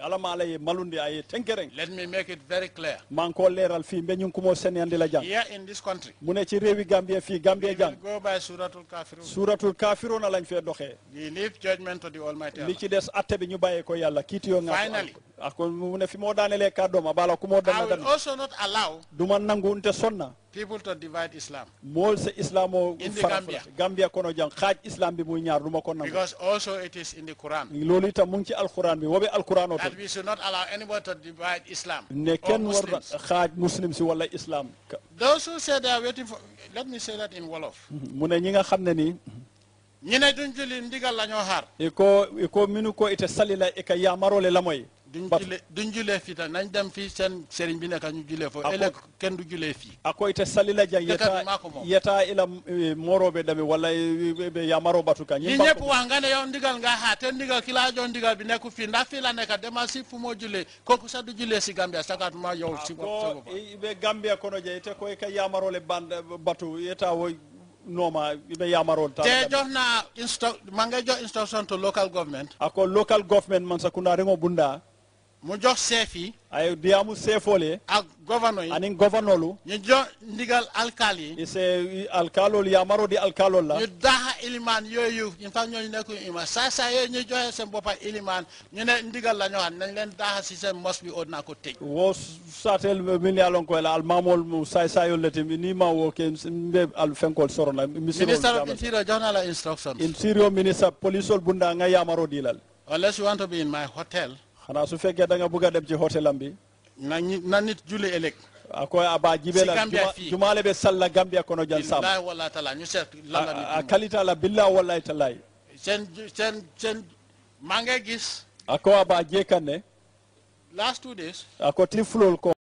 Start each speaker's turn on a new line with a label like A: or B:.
A: Let me make it very clear. Here in this country, we will go by
B: Suratul Kafirun. Suratul
A: Kafirun alañ fee doxee. We bi ñu to the Almighty Allah. Finally, ako mu fi moo daanelee kàddoom a baala ku moo dana dana I will also not allow duma nangu nte sonna
B: people to divide Islam
A: mool se islam o in the kono jang xaaj islam bi ñaar duma ko nangu because
B: also it
A: loolu itam mu ngi ci alquran bi wobe alquran o that
B: we should not allow anyone to divide Islam ne kenn war muslim
A: si wala islaam
B: those who say they are waiting for ñi
A: nga xam ne ni ñu ne duñ julli ndigal la ñoo e e ko minu ko ite salila i e ka yaamarole
B: la duñ julee julee fii tam nañ dem fii seen sëriñ bi nekk ñu julee foofu ëllëg kenn du
A: julee fii ako ite salila jang yeta yeta ila eh, moroɓe ɗami walla ɓe eh, yamaro batu ka ñi ñëpp wax
B: nga ne yow ndigal nga ha te ndigal ki laa jox ndigal bi nekku fii ndax fii la nekk dema si fu moo julee kooku sax
A: du julee si Gambia sakatuma yow si ko ɓe eh, Gambia kono je te koy ka yamarole ban batu yeta woy noma ɓe yamarol ta te jofna insto manga jo instruction to local government ako local government man sa sakunda rengo bunda mu jox ay diyaamu seefool yi. ak yi. ani gouverneur lu. ñu jox ndigal alkaal yi. c'est alkaalool yaamaro di alkaalool la. ñu daaxa
B: ilimaan yooyu ñu fa ñooñu nekkuñu imaam saa saa yooyu ñu joxe seen bopp ak ñu ne ndigal la ñoo xam nañ leen daaxa si seen mos bi oo ko tëj. woo
A: saatel min yaalon koy la almaamool mu saay saa yoon letim ni ma woo ke mbe al fenkool soron la. ministre of
B: interior jox na la instructions.
A: interior ministre police bunda nga yaamaro diilal.
B: unless you want to be in my hotel.
A: xanaa su fekkee da nga bugg a dem ci hotelam bi. na ñi na nit aba ah, jibe la jumale be salla gambia kono jan sam
B: billahi la ah, ah, a kalita la sen sen sen ma
A: ako aba je ako tiflol ko